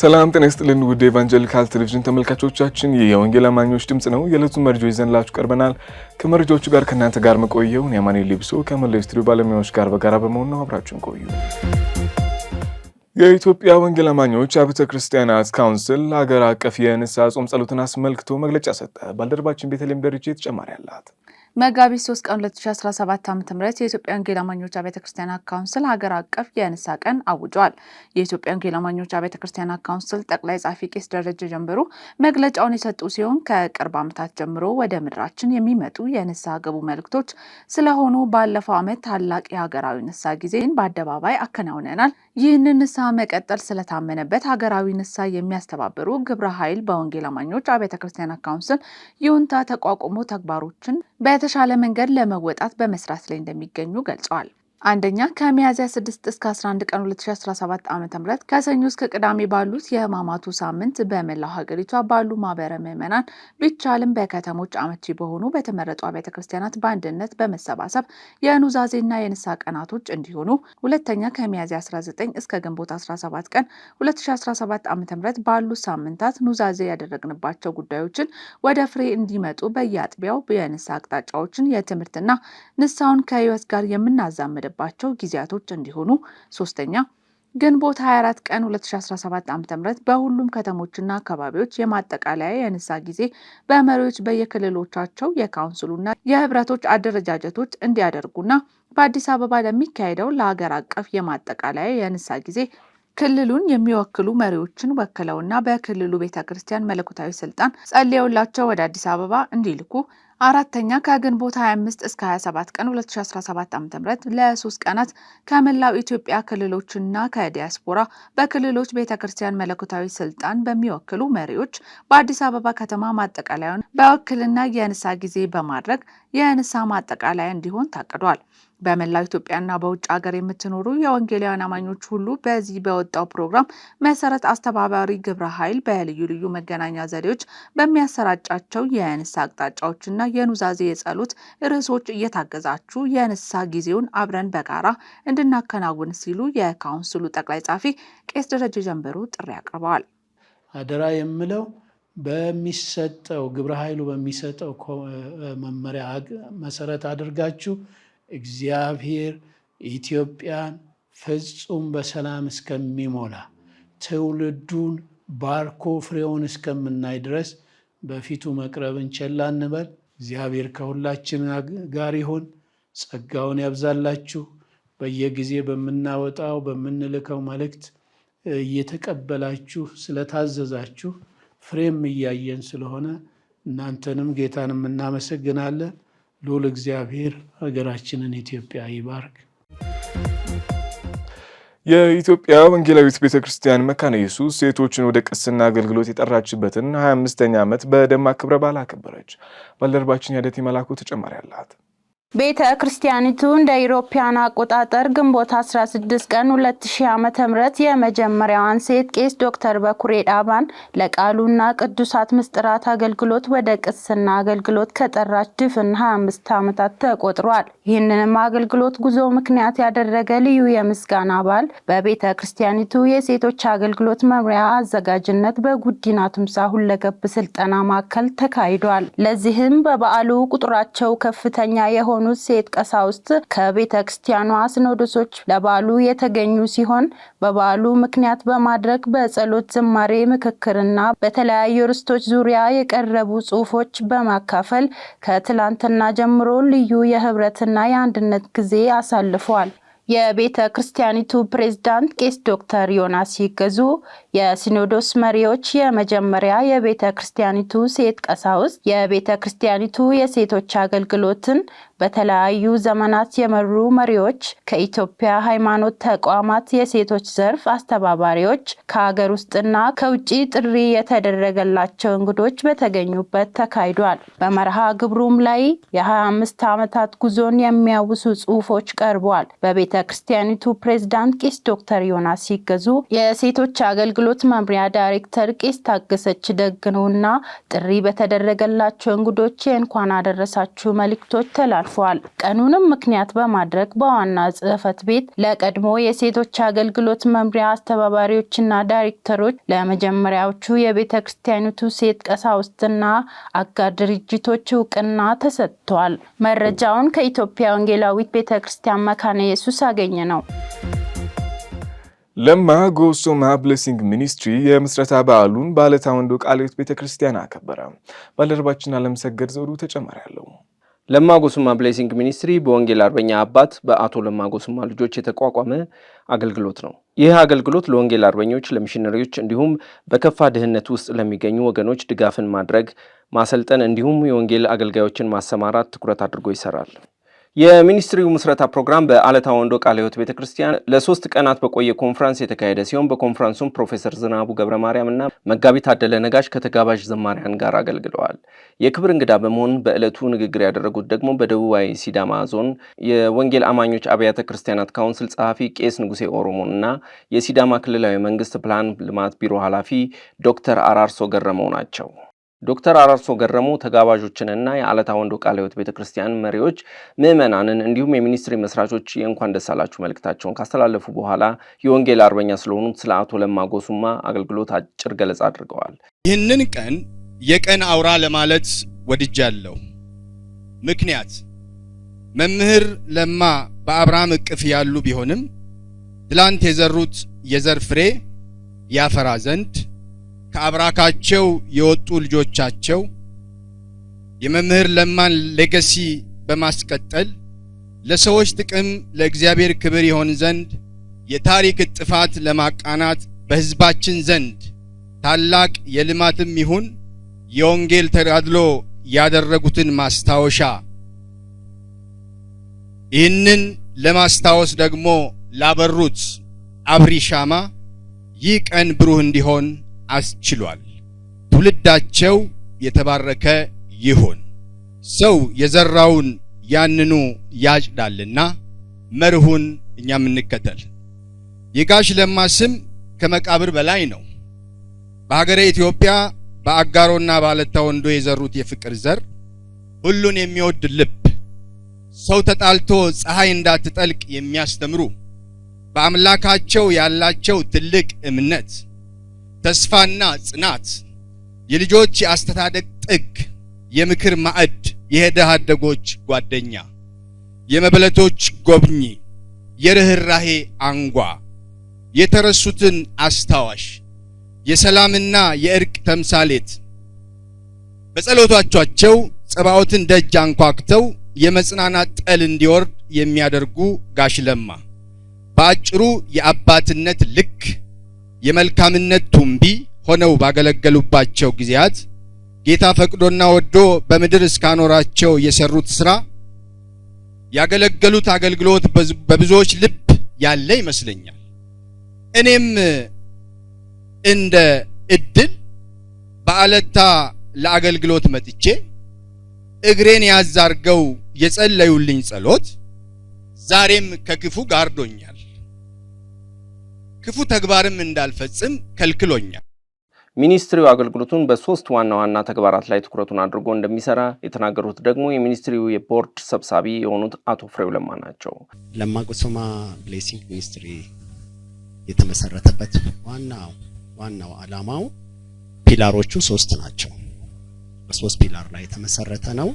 ሰላም ጤና ይስጥልን ውድ ኤቫንጀሊካል ቴሌቪዥን ተመልካቾቻችን፣ ይህ የወንጌል አማኞች ድምፅ ነው። የዕለቱን መረጃዎች ይዘንላችሁ ቀርበናል። ከመረጃዎቹ ጋር ከእናንተ ጋር መቆየውን የአማኔ ሊብሶ ከመላው ስቱዲዮ ባለሙያዎች ጋር በጋራ በመሆን ነው። አብራችሁን ቆዩ። የኢትዮጵያ ወንጌል አማኞች አብያተ ክርስቲያናት ካውንስል ሀገር አቀፍ የንስሐ ጾም ጸሎትን አስመልክቶ መግለጫ ሰጠ። ባልደረባችን ቤተልሔም ደረጀ ተጨማሪ አላት። መጋቢት 3 ቀን 2017 ዓ ም የኢትዮጵያ ወንጌል አማኞች አብያተ ክርስቲያናት ካውንስል ሀገር አቀፍ የንሳ ቀን አውጇል። የኢትዮጵያ ወንጌል አማኞች አብያተ ክርስቲያናት ካውንስል ጠቅላይ ጻፊ ቄስ ደረጀ ጀንበሩ መግለጫውን የሰጡ ሲሆን ከቅርብ ዓመታት ጀምሮ ወደ ምድራችን የሚመጡ የንሳ ገቡ መልእክቶች ስለሆኑ ባለፈው ዓመት ታላቅ የሀገራዊ ንሳ ጊዜን በአደባባይ አከናውነናል። ይህንን ንሳ መቀጠል ስለታመነበት ሀገራዊ ንሳ የሚያስተባብሩ ግብረ ኃይል በወንጌል አማኞች አብያተ ክርስቲያናት ካውንስል ይሁንታ ተቋቁሞ ተግባሮችን በተሻለ መንገድ ለመወጣት በመስራት ላይ እንደሚገኙ ገልጸዋል። አንደኛ ከሚያዝያ 6 እስከ 11 ቀን 2017 ዓ ም ከሰኞ እስከ ቅዳሜ ባሉት የህማማቱ ሳምንት በመላው ሀገሪቷ ባሉ ማህበረ ምዕመናን ቢቻልም በከተሞች አመቺ በሆኑ በተመረጡ አብያተ ክርስቲያናት በአንድነት በመሰባሰብ የኑዛዜና የንሳ ቀናቶች እንዲሆኑ፣ ሁለተኛ ከሚያዝያ 19 እስከ ግንቦት 17 ቀን 2017 ዓ ም ባሉት ሳምንታት ኑዛዜ ያደረግንባቸው ጉዳዮችን ወደ ፍሬ እንዲመጡ በየአጥቢያው የንሳ አቅጣጫዎችን የትምህርትና ንሳውን ከህይወት ጋር የምናዛምደ የተፈረደባቸው ጊዜያቶች እንዲሆኑ፣ ሶስተኛ ግንቦት 24 ቀን 2017 ዓ.ም በሁሉም ከተሞችና አካባቢዎች የማጠቃለያ የንሳ ጊዜ በመሪዎች በየክልሎቻቸው የካውንስሉና የህብረቶች አደረጃጀቶች እንዲያደርጉና በአዲስ አበባ ለሚካሄደው ለሀገር አቀፍ የማጠቃለያ የንሳ ጊዜ ክልሉን የሚወክሉ መሪዎችን ወክለውና በክልሉ ቤተ ክርስቲያን መለኮታዊ ስልጣን ጸልየውላቸው ወደ አዲስ አበባ እንዲልኩ አራተኛ ከግንቦት 25 እስከ 27 ቀን 2017 ዓ.ም ለሶስት ቀናት ከመላው ኢትዮጵያ ክልሎችና ከዲያስፖራ በክልሎች ቤተ ክርስቲያን መለኮታዊ ስልጣን በሚወክሉ መሪዎች በአዲስ አበባ ከተማ ማጠቃለያውን በውክልና የንሳ ጊዜ በማድረግ የንሳ ማጠቃለያ እንዲሆን ታቅዷል። በመላው ኢትዮጵያና በውጭ ሀገር የምትኖሩ የወንጌላውያን አማኞች ሁሉ በዚህ በወጣው ፕሮግራም መሰረት አስተባባሪ ግብረ ኃይል በልዩ ልዩ መገናኛ ዘዴዎች በሚያሰራጫቸው የንስሐ አቅጣጫዎችና የኑዛዜ የጸሎት ርዕሶች እየታገዛችሁ የንስሐ ጊዜውን አብረን በጋራ እንድናከናውን ሲሉ የካውንስሉ ጠቅላይ ጻፊ ቄስ ደረጀ ጀንበሩ ጥሪ አቅርበዋል። አደራ የምለው በሚሰጠው ግብረ ኃይሉ በሚሰጠው መመሪያ መሰረት አድርጋችሁ እግዚአብሔር ኢትዮጵያን ፍጹም በሰላም እስከሚሞላ ትውልዱን ባርኮ ፍሬውን እስከምናይ ድረስ በፊቱ መቅረብን ቸላ እንበል። እግዚአብሔር ከሁላችን ጋር ይሁን። ጸጋውን ያብዛላችሁ። በየጊዜ በምናወጣው በምንልከው መልእክት እየተቀበላችሁ ስለታዘዛችሁ ፍሬም እያየን ስለሆነ እናንተንም ጌታን እናመሰግናለን። ልዑል እግዚአብሔር ሀገራችንን ኢትዮጵያ ይባርክ። የኢትዮጵያ ወንጌላዊት ቤተ ክርስቲያን መካነ ኢየሱስ ሴቶችን ወደ ቅስና አገልግሎት የጠራችበትን 25ኛ ዓመት በደማቅ ክብረ በዓል አከበረች። ባልደረባችን ያደት መላኩ ተጨማሪ አላት። ቤተ ክርስቲያኒቱ እንደ ኢሮፓያን አቆጣጠር ግንቦት 16 ቀን 2000 ዓ.ም የመጀመሪያዋን ሴት ቄስ ዶክተር በኩሬ ዳባን ለቃሉና ቅዱሳት ምስጢራት አገልግሎት ወደ ቅስና አገልግሎት ከጠራች ድፍን 25 ዓመታት ተቆጥሯል። ይህንንም አገልግሎት ጉዞ ምክንያት ያደረገ ልዩ የምስጋና በዓል በቤተ ክርስቲያኒቱ የሴቶች አገልግሎት መምሪያ አዘጋጅነት በጉዲና ትምሳ ሁለገብ ስልጠና ማዕከል ተካሂዷል። ለዚህም በበዓሉ ቁጥራቸው ከፍተኛ የሆኑ የሆኑት ሴት ቀሳውስት ከቤተ ክርስቲያኗ ሲኖዶሶች ለበዓሉ የተገኙ ሲሆን በበዓሉ ምክንያት በማድረግ በጸሎት ዝማሬ፣ ምክክርና በተለያዩ ርዕሶች ዙሪያ የቀረቡ ጽሑፎች በማካፈል ከትላንትና ጀምሮ ልዩ የህብረትና የአንድነት ጊዜ አሳልፏል። የቤተ ክርስቲያኒቱ ፕሬዝዳንት ቄስ ዶክተር ዮናስ ይገዙ የሲኖዶስ መሪዎች፣ የመጀመሪያ የቤተ ክርስቲያኒቱ ሴት ቀሳውስት፣ የቤተ ክርስቲያኒቱ የሴቶች አገልግሎትን በተለያዩ ዘመናት የመሩ መሪዎች፣ ከኢትዮጵያ ሃይማኖት ተቋማት የሴቶች ዘርፍ አስተባባሪዎች፣ ከሀገር ውስጥና ከውጭ ጥሪ የተደረገላቸው እንግዶች በተገኙበት ተካሂዷል። በመርሃ ግብሩም ላይ የ25 ዓመታት ጉዞን የሚያውሱ ጽሑፎች ቀርቧል። በቤተ ክርስቲያኒቱ ፕሬዝዳንት ቂስ ዶክተር ዮናስ ሲገዙ፣ የሴቶች አገልግሎት መምሪያ ዳይሬክተር ቂስ ታገሰች ደግነውና ጥሪ በተደረገላቸው እንግዶች የእንኳን አደረሳችሁ መልእክቶች ተላል አርፈዋል። ቀኑንም ምክንያት በማድረግ በዋና ጽህፈት ቤት ለቀድሞ የሴቶች አገልግሎት መምሪያ አስተባባሪዎችና ዳይሬክተሮች ለመጀመሪያዎቹ የቤተ ክርስቲያኒቱ ሴት ቀሳውስትና አጋር ድርጅቶች እውቅና ተሰጥቷል። መረጃውን ከኢትዮጵያ ወንጌላዊት ቤተ ክርስቲያን መካነ ኢየሱስ አገኘ ነው። ለማ ጎሶማ ብሌሲንግ ሚኒስትሪ የምስረታ በዓሉን በዓለታ ወንዶ ቃልዮት ቤተ ክርስቲያን አከበረ። ባልደረባችን አለምሰገድ ዘውዱ ተጨማሪ አለው። ለማ ብሌሲንግ ሚኒስትሪ በወንጌል አርበኛ አባት በአቶ ለማ ልጆች የተቋቋመ አገልግሎት ነው። ይህ አገልግሎት ለወንጌል አርበኞች፣ ለሚሽነሪዎች እንዲሁም በከፋ ድህነት ውስጥ ለሚገኙ ወገኖች ድጋፍን ማድረግ፣ ማሰልጠን እንዲሁም የወንጌል አገልጋዮችን ማሰማራት ትኩረት አድርጎ ይሰራል። የሚኒስትሪው ምስረታ ፕሮግራም በአለታ ወንዶ ቃለ ሕይወት ቤተ ክርስቲያን ለሶስት ቀናት በቆየ ኮንፍራንስ የተካሄደ ሲሆን በኮንፍራንሱም ፕሮፌሰር ዝናቡ ገብረ ማርያም እና መጋቢ ታደለ ነጋሽ ከተጋባዥ ዘማሪያን ጋር አገልግለዋል። የክብር እንግዳ በመሆን በዕለቱ ንግግር ያደረጉት ደግሞ በደቡባዊ ሲዳማ ዞን የወንጌል አማኞች አብያተ ክርስቲያናት ካውንስል ጸሐፊ ቄስ ንጉሴ ኦሮሞን እና የሲዳማ ክልላዊ መንግስት ፕላን ልማት ቢሮ ኃላፊ ዶክተር አራርሶ ገረመው ናቸው። ዶክተር አራርሶ ገረሙ ተጋባዦችንና የአለታ ወንዶ ቃለ ሕይወት ቤተ ክርስቲያን መሪዎች፣ ምዕመናንን እንዲሁም የሚኒስትሪ መስራቾች የእንኳን ደስ አላችሁ መልእክታቸውን ካስተላለፉ በኋላ የወንጌል አርበኛ ስለሆኑት ስለ አቶ ለማ ጎሱማ አገልግሎት አጭር ገለጻ አድርገዋል። ይህንን ቀን የቀን አውራ ለማለት ወድጃለሁ። ምክንያት መምህር ለማ በአብርሃም እቅፍ ያሉ ቢሆንም ትላንት የዘሩት የዘር ፍሬ ያፈራ ዘንድ ከአብራካቸው የወጡ ልጆቻቸው የመምህር ለማን ሌገሲ በማስቀጠል ለሰዎች ጥቅም ለእግዚአብሔር ክብር ይሆን ዘንድ የታሪክ ጥፋት ለማቃናት በሕዝባችን ዘንድ ታላቅ የልማትም ይሁን የወንጌል ተጋድሎ ያደረጉትን ማስታወሻ ይህንን ለማስታወስ ደግሞ ላበሩት አብሪ ሻማ ይህ ቀን ብሩህ እንዲሆን አስችሏል። ትውልዳቸው የተባረከ ይሁን። ሰው የዘራውን ያንኑ ያጭዳልና መርሁን እኛም እንከተል። የጋሽ ለማ ስም ከመቃብር በላይ ነው። በሀገረ ኢትዮጵያ በአጋሮና ባለታ ወንዶ የዘሩት የፍቅር ዘር ሁሉን የሚወድ ልብ ሰው ተጣልቶ ፀሐይ እንዳትጠልቅ የሚያስተምሩ በአምላካቸው ያላቸው ትልቅ እምነት ተስፋና ጽናት፣ የልጆች የአስተዳደግ ጥግ፣ የምክር ማዕድ፣ የድሃ አደጎች ጓደኛ፣ የመበለቶች ጎብኚ፣ የርኅራሄ አንጓ፣ የተረሱትን አስታዋሽ፣ የሰላምና የእርቅ ተምሳሌት በጸሎቶቻቸው ጸባዖትን ደጅ አንኳኩተው የመጽናናት ጠል እንዲወርድ የሚያደርጉ ጋሽ ለማ በአጭሩ የአባትነት ልክ የመልካምነት ቱንቢ ሆነው ባገለገሉባቸው ጊዜያት ጌታ ፈቅዶና ወዶ በምድር እስካኖራቸው የሰሩት ስራ ያገለገሉት አገልግሎት በብዙዎች ልብ ያለ ይመስለኛል። እኔም እንደ እድል በአለታ ለአገልግሎት መጥቼ እግሬን ያዝ አርገው የጸለዩልኝ ጸሎት ዛሬም ከክፉ ጋርዶኛል። ክፉ ተግባርም እንዳልፈጽም ከልክሎኛል። ሚኒስትሪው አገልግሎቱን በሶስት ዋና ዋና ተግባራት ላይ ትኩረቱን አድርጎ እንደሚሰራ የተናገሩት ደግሞ የሚኒስትሪው የቦርድ ሰብሳቢ የሆኑት አቶ ፍሬው ለማ ናቸው። ለማ ብሌሲንግ ሚኒስትሪ የተመሰረተበት ዋናው ዋናው አላማው ፒላሮቹ ሶስት ናቸው። በሶስት ፒላር ላይ የተመሰረተ ነው።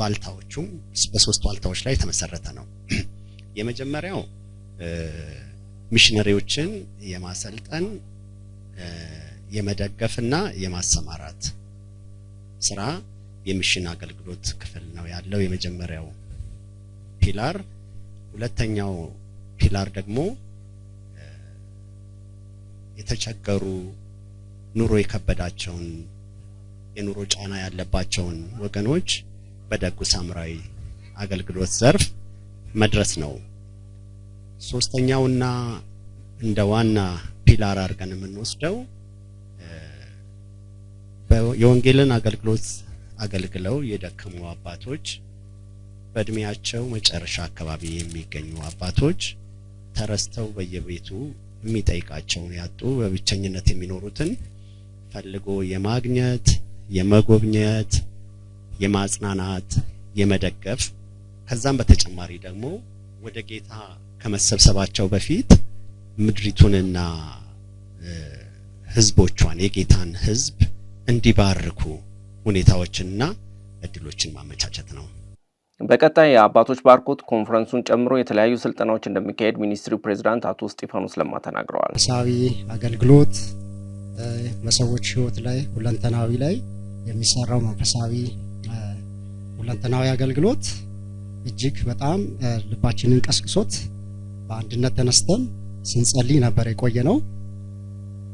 ዋልታዎቹም በሶስት ዋልታዎች ላይ የተመሰረተ ነው። የመጀመሪያው ሚሽነሪዎችን የማሰልጠን የመደገፍና የማሰማራት ስራ የሚሽን አገልግሎት ክፍል ነው ያለው የመጀመሪያው ፒላር። ሁለተኛው ፒላር ደግሞ የተቸገሩ ኑሮ የከበዳቸውን የኑሮ ጫና ያለባቸውን ወገኖች በደጉ ሳምራዊ አገልግሎት ዘርፍ መድረስ ነው። ሶስተኛውና እንደ ዋና ፒላር አድርገን የምንወስደው የወንጌልን አገልግሎት አገልግለው የደከሙ አባቶች በእድሜያቸው መጨረሻ አካባቢ የሚገኙ አባቶች ተረስተው በየቤቱ የሚጠይቃቸውን ያጡ በብቸኝነት የሚኖሩትን ፈልጎ የማግኘት የመጎብኘት፣ የማጽናናት፣ የመደገፍ ከዛም በተጨማሪ ደግሞ ወደ ጌታ ከመሰብሰባቸው በፊት ምድሪቱንና ህዝቦቿን የጌታን ህዝብ እንዲባርኩ ሁኔታዎችንና እድሎችን ማመቻቸት ነው። በቀጣይ የአባቶች ባርኮት ኮንፈረንሱን ጨምሮ የተለያዩ ስልጠናዎች እንደሚካሄድ ሚኒስትሪው ፕሬዚዳንት አቶ እስጢፋኖስ ለማ ተናግረዋል። ሳቢ አገልግሎት በሰዎች ህይወት ላይ ሁለንተናዊ ላይ የሚሰራው መንፈሳዊ ሁለንተናዊ አገልግሎት እጅግ በጣም ልባችንን ቀስቅሶት በአንድነት ተነስተን ስንጸልይ ነበር የቆየ ነው።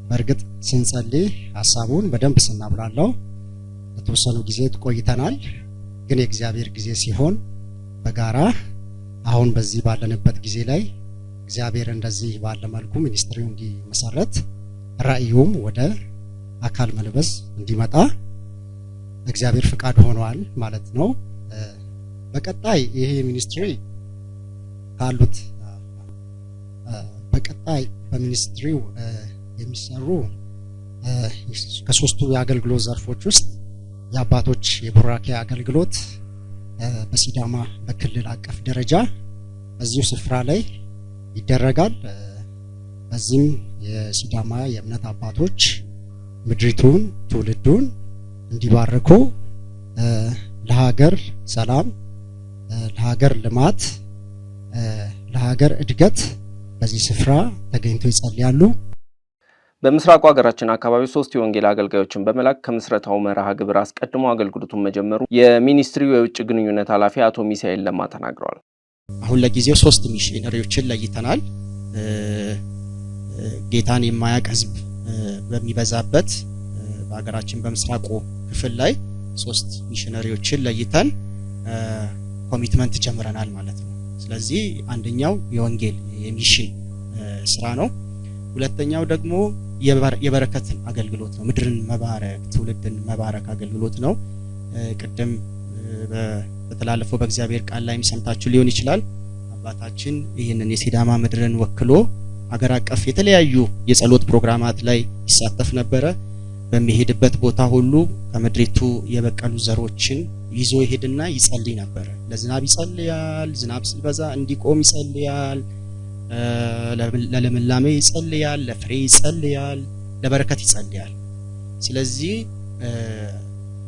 በእርግጥ ስንጸልይ ሀሳቡን በደንብ ስናብላለው ለተወሰኑ ጊዜ ቆይተናል። ግን የእግዚአብሔር ጊዜ ሲሆን በጋራ አሁን በዚህ ባለንበት ጊዜ ላይ እግዚአብሔር እንደዚህ ባለ መልኩ ሚኒስትሪው እንዲመሰረት ራእዩም ወደ አካል መልበስ እንዲመጣ እግዚአብሔር ፍቃድ ሆኗል ማለት ነው። በቀጣይ ይሄ ሚኒስትሪ ካሉት በቀጣይ በሚኒስትሪው የሚሰሩ ከሶስቱ የአገልግሎት ዘርፎች ውስጥ የአባቶች የቡራኬ አገልግሎት በሲዳማ በክልል አቀፍ ደረጃ በዚሁ ስፍራ ላይ ይደረጋል። በዚህም የሲዳማ የእምነት አባቶች ምድሪቱን ትውልዱን እንዲባርኩ ለሀገር ሰላም፣ ለሀገር ልማት፣ ለሀገር እድገት በዚህ ስፍራ ተገኝተው ይጸልያሉ። በምስራቁ ሀገራችን አካባቢ ሶስት የወንጌል አገልጋዮችን በመላክ ከምስረታው መርሃ ግብር አስቀድሞ አገልግሎቱን መጀመሩ የሚኒስትሪው የውጭ ግንኙነት ኃላፊ አቶ ሚሳኤል ለማ ተናግረዋል። አሁን ለጊዜው ሶስት ሚሽነሪዎችን ለይተናል። ጌታን የማያቅ ህዝብ በሚበዛበት በሀገራችን በምስራቁ ክፍል ላይ ሶስት ሚሽነሪዎችን ለይተን ኮሚትመንት ጀምረናል ማለት ነው። ስለዚህ አንደኛው የወንጌል የሚሽን ስራ ነው። ሁለተኛው ደግሞ የበረከት አገልግሎት ነው። ምድርን መባረክ፣ ትውልድን መባረክ አገልግሎት ነው። ቅድም በተላለፈው በእግዚአብሔር ቃል ላይ የሚሰምታችሁ ሊሆን ይችላል። አባታችን ይህንን የሲዳማ ምድርን ወክሎ አገር አቀፍ የተለያዩ የጸሎት ፕሮግራማት ላይ ይሳተፍ ነበረ። በሚሄድበት ቦታ ሁሉ ከምድሪቱ የበቀሉ ዘሮችን ይዞ ይሄድና ይጸልይ ነበረ። ለዝናብ ይጸልያል፣ ዝናብ ሲበዛ እንዲቆም ይጸልያል፣ ለልምላሜ ይጸልያል፣ ለፍሬ ይጸልያል፣ ለበረከት ይጸልያል። ስለዚህ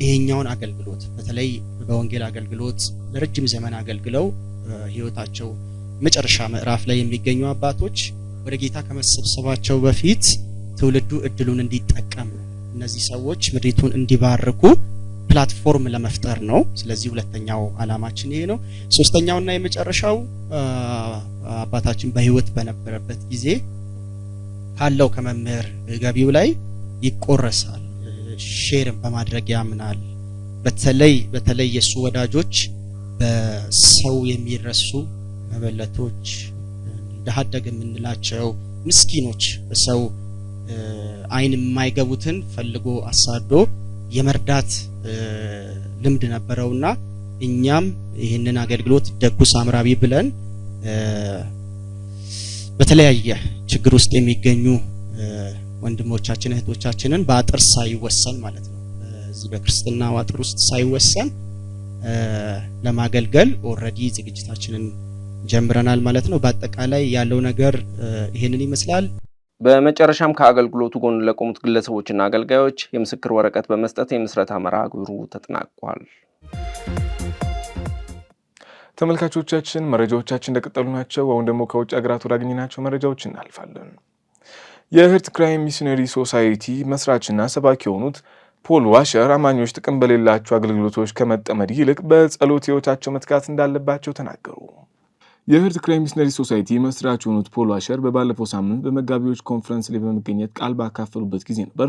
ይሄኛውን አገልግሎት በተለይ በወንጌል አገልግሎት ለረጅም ዘመን አገልግለው ህይወታቸው መጨረሻ ምዕራፍ ላይ የሚገኙ አባቶች ወደ ጌታ ከመሰብሰባቸው በፊት ትውልዱ እድሉን እንዲጠቀም እነዚህ ሰዎች ምድሪቱን እንዲባርኩ ፕላትፎርም ለመፍጠር ነው። ስለዚህ ሁለተኛው አላማችን ይሄ ነው። ሶስተኛውና የመጨረሻው አባታችን በህይወት በነበረበት ጊዜ ካለው ከመምህር ገቢው ላይ ይቆረሳል፣ ሼርን በማድረግ ያምናል። በተለይ በተለይ የእሱ ወዳጆች በሰው የሚረሱ መበለቶች፣ ድሃ አደግ የምንላቸው ምስኪኖች፣ በሰው አይን የማይገቡትን ፈልጎ አሳዶ የመርዳት ልምድ ነበረውና እኛም ይህንን አገልግሎት ደጉ ሳምራዊ ብለን በተለያየ ችግር ውስጥ የሚገኙ ወንድሞቻችን እህቶቻችንን በአጥር ሳይወሰን ማለት ነው እዚህ በክርስትና አጥር ውስጥ ሳይወሰን ለማገልገል ኦረዲ ዝግጅታችንን ጀምረናል ማለት ነው። በአጠቃላይ ያለው ነገር ይህንን ይመስላል። በመጨረሻም ከአገልግሎቱ ጎን ለቆሙት ግለሰቦችና አገልጋዮች የምስክር ወረቀት በመስጠት የምስረታ መርሃ ግብሩ ተጠናቋል። ተመልካቾቻችን መረጃዎቻችን እንደቀጠሉ ናቸው። አሁን ደግሞ ከውጭ ሀገራት ወዳገኘናቸው መረጃዎች እናልፋለን። የእህርት ክራይም ሚሽነሪ ሶሳይቲ መስራችና ሰባኪ የሆኑት ፖል ዋሸር አማኞች ጥቅም በሌላቸው አገልግሎቶች ከመጠመድ ይልቅ በጸሎት ሕይወታቸው መትጋት እንዳለባቸው ተናገሩ። የህርድ ክራይ ሚሽነሪ ሶሳይቲ መስራች የሆኑት ፖል ዋሸር በባለፈው ሳምንት በመጋቢዎች ኮንፈረንስ ላይ በመገኘት ቃል ባካፈሉበት ጊዜ ነበር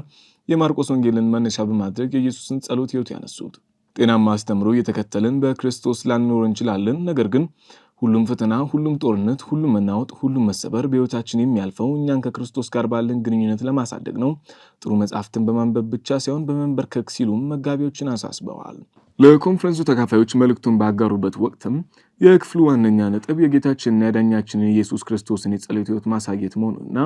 የማርቆስ ወንጌልን መነሻ በማድረግ የኢየሱስን ጸሎት ህይወት ያነሱት። ጤናማ አስተምሮ እየተከተልን በክርስቶስ ላንኖር እንችላለን። ነገር ግን ሁሉም ፈተና፣ ሁሉም ጦርነት፣ ሁሉም መናወጥ፣ ሁሉም መሰበር በህይወታችን የሚያልፈው እኛን ከክርስቶስ ጋር ባለን ግንኙነት ለማሳደግ ነው፣ ጥሩ መጻሕፍትን በማንበብ ብቻ ሳይሆን በመንበርከክ ሲሉም መጋቢዎችን አሳስበዋል። ለኮንፈረንሱ ተካፋዮች መልእክቱን ባጋሩበት ወቅትም የክፍሉ ዋነኛ ነጥብ የጌታችንና የዳኛችንን ኢየሱስ ክርስቶስን የጸሎት ሕይወት ማሳየት መሆኑና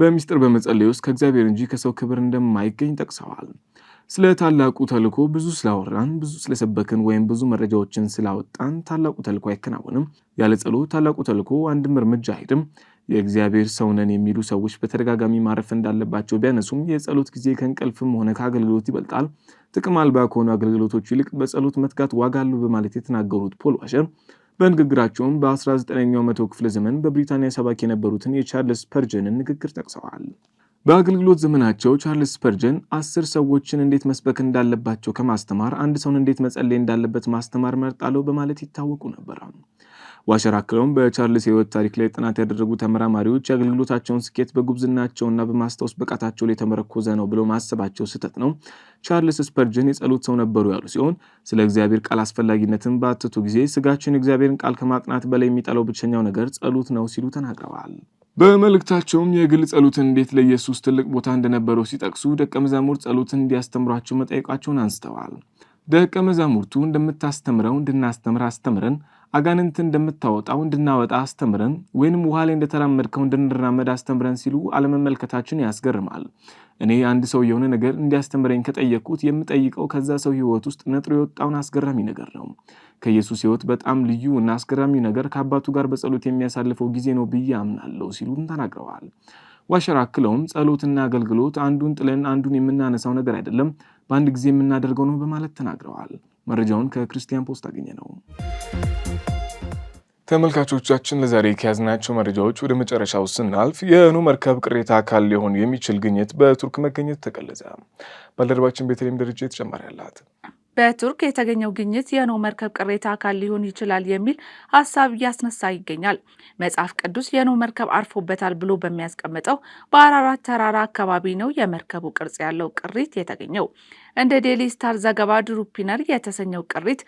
በሚስጥር በመጸለይ ውስጥ ከእግዚአብሔር እንጂ ከሰው ክብር እንደማይገኝ ጠቅሰዋል። ስለ ታላቁ ተልኮ ብዙ ስላወራን፣ ብዙ ስለሰበክን ወይም ብዙ መረጃዎችን ስላወጣን ታላቁ ተልኮ አይከናወንም። ያለ ጸሎት ታላቁ ተልኮ አንድም እርምጃ አይሄድም። የእግዚአብሔር ሰው ነን የሚሉ ሰዎች በተደጋጋሚ ማረፍ እንዳለባቸው ቢያነሱም የጸሎት ጊዜ ከእንቅልፍም ሆነ ከአገልግሎት ይበልጣል። ጥቅም አልባ ከሆኑ አገልግሎቶች ይልቅ በጸሎት መትጋት ዋጋ አለው በማለት የተናገሩት ፖል ዋሸር በንግግራቸውም በ19ኛው መቶ ክፍለ ዘመን በብሪታንያ ሰባኪ የነበሩትን የቻርልስ ስፐርጀንን ንግግር ጠቅሰዋል። በአገልግሎት ዘመናቸው ቻርልስ ስፐርጀን አስር ሰዎችን እንዴት መስበክ እንዳለባቸው ከማስተማር አንድ ሰውን እንዴት መጸለይ እንዳለበት ማስተማር መርጣለው በማለት ይታወቁ ነበር። ዋሸር አክለውም በቻርልስ የህይወት ታሪክ ላይ ጥናት ያደረጉ ተመራማሪዎች የአገልግሎታቸውን ስኬት በጉብዝናቸውና በማስታወስ ብቃታቸው ላይ የተመረኮዘ ነው ብለው ማሰባቸው ስህተት ነው። ቻርልስ ስፐርጅን የጸሎት ሰው ነበሩ ያሉ ሲሆን ስለ እግዚአብሔር ቃል አስፈላጊነትን በአትቱ ጊዜ ስጋችን እግዚአብሔርን ቃል ከማጥናት በላይ የሚጠላው ብቸኛው ነገር ጸሎት ነው ሲሉ ተናግረዋል። በመልእክታቸውም የግል ጸሎትን እንዴት ለኢየሱስ ትልቅ ቦታ እንደነበረው ሲጠቅሱ ደቀ መዛሙርት ጸሎትን እንዲያስተምሯቸው መጠየቃቸውን አንስተዋል። ደቀ መዛሙርቱ እንደምታስተምረው እንድናስተምር አስተምረን አጋንንት እንደምታወጣው እንድናወጣ አስተምረን ወይንም ውሃ ላይ እንደተራመድከው እንድንራመድ አስተምረን ሲሉ አለመመልከታችን ያስገርማል። እኔ አንድ ሰው የሆነ ነገር እንዲያስተምረኝ ከጠየቅኩት የምጠይቀው ከዛ ሰው ሕይወት ውስጥ ነጥሮ የወጣውን አስገራሚ ነገር ነው። ከኢየሱስ ሕይወት በጣም ልዩ እና አስገራሚ ነገር ከአባቱ ጋር በጸሎት የሚያሳልፈው ጊዜ ነው ብዬ አምናለሁ ሲሉም ተናግረዋል። ዋሸር አክለውም ጸሎትና አገልግሎት አንዱን ጥለን አንዱን የምናነሳው ነገር አይደለም፣ በአንድ ጊዜ የምናደርገው ነው በማለት ተናግረዋል። መረጃውን ከክርስቲያን ፖስት አገኘ ነው። ተመልካቾቻችን ለዛሬ ከያዝናቸው መረጃዎች ወደ መጨረሻው ስናልፍ የኖህ መርከብ ቅሬታ አካል ሊሆን የሚችል ግኝት በቱርክ መገኘት ተገለጸ። ባልደረባችን ቤተልሔም ደረጃ ተጨማሪ አላት። በቱርክ የተገኘው ግኝት የኖህ መርከብ ቅሬታ አካል ሊሆን ይችላል የሚል ሀሳብ እያስነሳ ይገኛል። መጽሐፍ ቅዱስ የኖህ መርከብ አርፎበታል ብሎ በሚያስቀምጠው በአራራት ተራራ አካባቢ ነው የመርከቡ ቅርጽ ያለው ቅሪት የተገኘው። እንደ ዴሊ ስታር ዘገባ ድሩፒነር የተሰኘው ቅሪት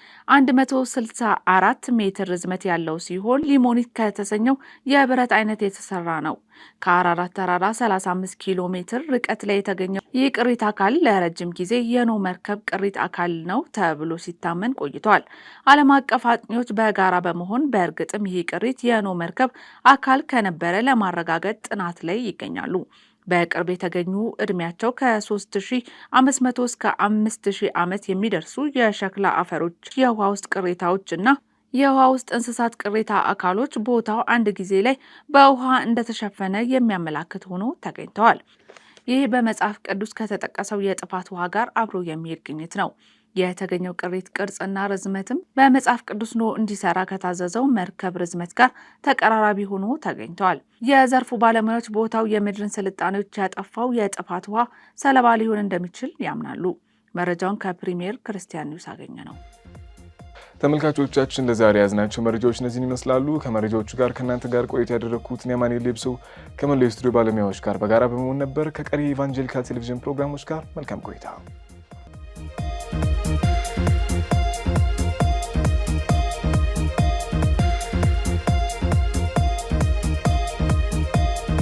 164 ሜትር ርዝመት ያለው ሲሆን ሊሞኒት ከተሰኘው የብረት አይነት የተሰራ ነው። ከአራራት ተራራ 35 ኪሎ ሜትር ርቀት ላይ የተገኘው ይህ ቅሪት አካል ለረጅም ጊዜ የኖ መርከብ ቅሪት አካል ነው ተብሎ ሲታመን ቆይቷል። ዓለም አቀፍ አጥኚዎች በጋራ በመሆን በእርግጥም ይህ ቅሪት የኖ መርከብ አካል ከነበረ ለማረጋገጥ ጥናት ላይ ይገኛሉ። በቅርብ የተገኙ እድሜያቸው ከ3500 እስከ 5000 ዓመት የሚደርሱ የሸክላ አፈሮች፣ የውሃ ውስጥ ቅሬታዎች እና የውሃ ውስጥ እንስሳት ቅሬታ አካሎች ቦታው አንድ ጊዜ ላይ በውሃ እንደተሸፈነ የሚያመላክት ሆኖ ተገኝተዋል። ይህ በመጽሐፍ ቅዱስ ከተጠቀሰው የጥፋት ውሃ ጋር አብሮ የሚሄድ ግኝት ነው። የተገኘው ቅሪት ቅርጽና ርዝመትም በመጽሐፍ ቅዱስ ኖ እንዲሰራ ከታዘዘው መርከብ ርዝመት ጋር ተቀራራቢ ሆኖ ተገኝተዋል። የዘርፉ ባለሙያዎች ቦታው የምድርን ስልጣኔዎች ያጠፋው የጥፋት ውሃ ሰለባ ሊሆን እንደሚችል ያምናሉ። መረጃውን ከፕሪሚየር ክርስቲያን ኒውስ አገኘ ነው። ተመልካቾቻችን ለዛሬ ያዝናቸው መረጃዎች እነዚህን ይመስላሉ። ከመረጃዎቹ ጋር ከእናንተ ጋር ቆይታ ያደረግኩት ኒያማኔ ሌብሶ ከመላው የስቱዲዮ ባለሙያዎች ጋር በጋራ በመሆን ነበር። ከቀሪ የኢቫንጀሊካል ቴሌቪዥን ፕሮግራሞች ጋር መልካም ቆይታ you.